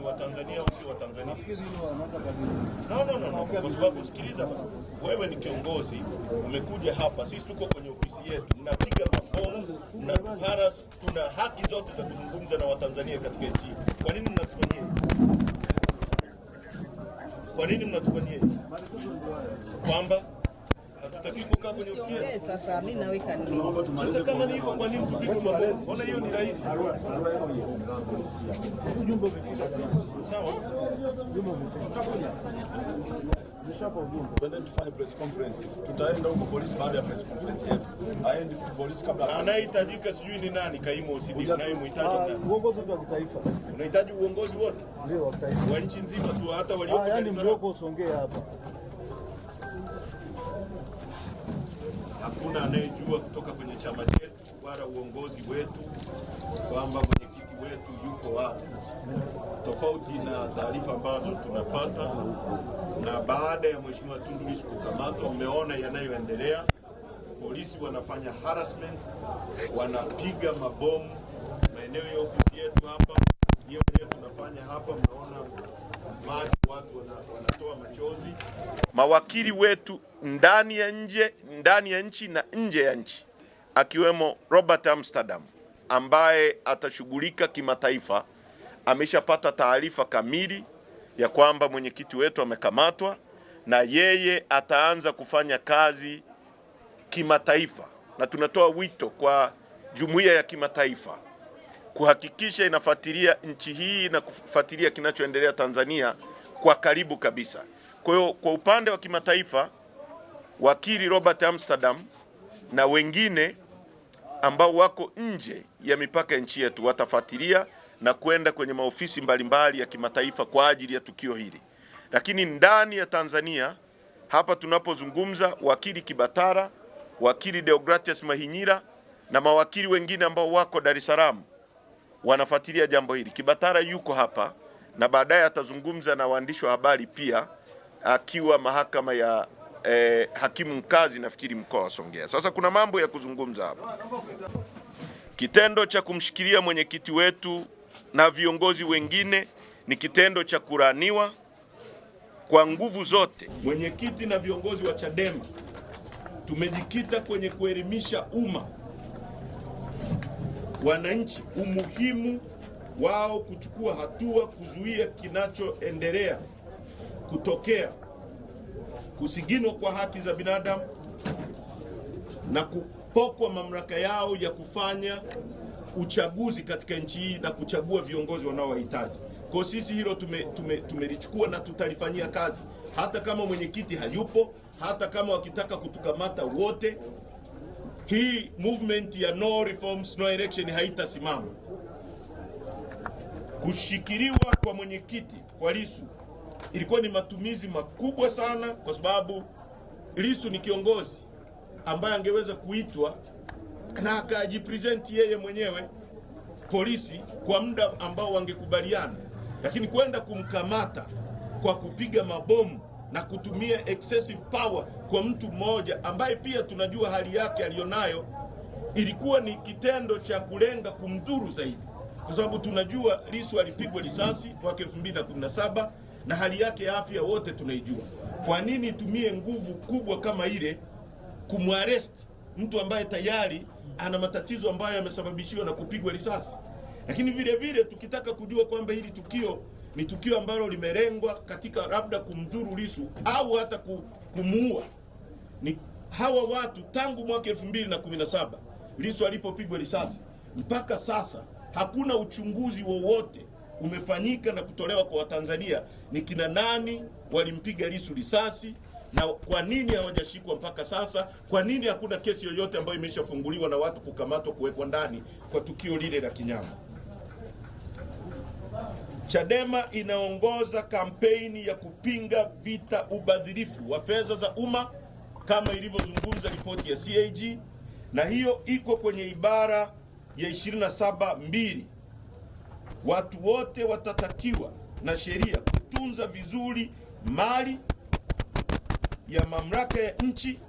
ni Watanzania au sio Watanzania? No, no, no, no. Kwa sababu sikiliza, wewe ni kiongozi, umekuja hapa, sisi tuko kwenye ofisi yetu, mnapiga mabomu, tuharas Tuna haki zote za kuzungumza na Watanzania katika nchi. Kwa nini mnatufanyia hivi? Kwa nini mnatufanyia hivi? kwamba Hatutaki kukaa kwenye ofisi. Sasa mimi naweka nini? Sasa kama hivyo, kwa nini tupige mabomu? Ona hiyo ni rahisi. Ujumbe umefika. Sawa. Ujumbe umefika. Tufanye press conference, tutaenda huko polisi baada ya press conference yetu. Aende tu polisi kabla. Anayehitajika sijui ni nani, kaimu OCD unayemhitaji ah, nani? Uongozi wa kitaifa. Unahitaji uongozi wote? Ndio, wa kitaifa. Wa nchi nzima tu hata walio ah, yaani Dar es Salaam. Usongee hapa. hakuna anayejua kutoka kwenye chama chetu wala uongozi wetu kwamba mwenyekiti wetu yuko wapi, tofauti na taarifa ambazo tunapata. Na baada ya mheshimiwa Tundu Lissu kukamatwa, mmeona yanayoendelea. Polisi wanafanya harassment, wanapiga mabomu maeneo ya ofisi yetu hapa, nyewe wenyewe tunafanya hapa, mnaona maji watu wana, wana kutoa machozi. Mawakili wetu ndani ya nje, ndani ya nchi na nje ya nchi, akiwemo Robert Amsterdam ambaye atashughulika kimataifa, ameshapata taarifa kamili ya kwamba mwenyekiti wetu amekamatwa na yeye ataanza kufanya kazi kimataifa, na tunatoa wito kwa jumuiya ya kimataifa kuhakikisha inafuatilia nchi hii na kufuatilia kinachoendelea Tanzania kwa karibu kabisa. Kwa hiyo kwa upande wa kimataifa, wakili Robert Amsterdam na wengine ambao wako nje ya mipaka ya nchi yetu watafuatilia na kwenda kwenye maofisi mbalimbali mbali ya kimataifa kwa ajili ya tukio hili. Lakini ndani ya Tanzania hapa tunapozungumza, wakili Kibatara, wakili Deogratias Mahinyira na mawakili wengine ambao wako Dar es Salaam wanafuatilia jambo hili. Kibatara yuko hapa na baadaye atazungumza na waandishi wa habari pia akiwa mahakama ya eh, hakimu mkazi nafikiri mkoa wa Songea. Sasa kuna mambo ya kuzungumza hapa. Kitendo cha kumshikilia mwenyekiti wetu na viongozi wengine ni kitendo cha kulaaniwa kwa nguvu zote. Mwenyekiti na viongozi wa Chadema tumejikita kwenye kuelimisha umma, wananchi umuhimu wao kuchukua hatua kuzuia kinachoendelea kutokea, kusiginwa kwa haki za binadamu na kupokwa mamlaka yao ya kufanya uchaguzi katika nchi hii na kuchagua viongozi wanaowahitaji. Kwa sisi hilo tumelichukua tume, tume na tutalifanyia kazi, hata kama mwenyekiti hayupo, hata kama wakitaka kutukamata wote. Hii movement ya no reforms no election haitasimama kushikiliwa kwa mwenyekiti kwa Lissu ilikuwa ni matumizi makubwa sana, kwa sababu Lissu ni kiongozi ambaye angeweza kuitwa na akajipresenti yeye mwenyewe polisi kwa muda ambao wangekubaliana, lakini kwenda kumkamata kwa kupiga mabomu na kutumia excessive power kwa mtu mmoja ambaye pia tunajua hali yake aliyonayo, ilikuwa ni kitendo cha kulenga kumdhuru zaidi kwa sababu tunajua Lissu alipigwa risasi mwaka 2017 na hali yake ya afya wote tunaijua. Kwa nini tumie nguvu kubwa kama ile kumwarest mtu ambaye tayari ana matatizo ambayo yamesababishiwa na kupigwa risasi? Lakini vile vile tukitaka kujua kwamba hili tukio ni tukio ambalo limelengwa katika labda kumdhuru Lissu au hata kumuua, ni hawa watu tangu mwaka 2017 Lissu alipopigwa risasi mpaka sasa hakuna uchunguzi wowote umefanyika na kutolewa kwa Watanzania ni kina nani walimpiga Lissu risasi na kwa nini hawajashikwa mpaka sasa? Kwa nini hakuna kesi yoyote ambayo imeshafunguliwa na watu kukamatwa kuwekwa ndani kwa tukio lile la kinyama? Chadema inaongoza kampeni ya kupinga vita ubadhirifu wa fedha za umma kama ilivyozungumza ripoti ya CAG, na hiyo iko kwenye ibara ya 27.2 watu wote watatakiwa na sheria kutunza vizuri mali ya mamlaka ya nchi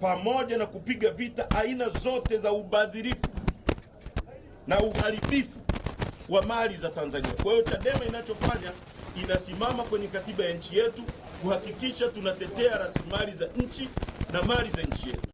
pamoja na kupiga vita aina zote za ubadhirifu na uharibifu wa mali za Tanzania. Kwa hiyo Chadema inachofanya inasimama kwenye katiba ya nchi yetu kuhakikisha tunatetea rasilimali za nchi na mali za nchi yetu.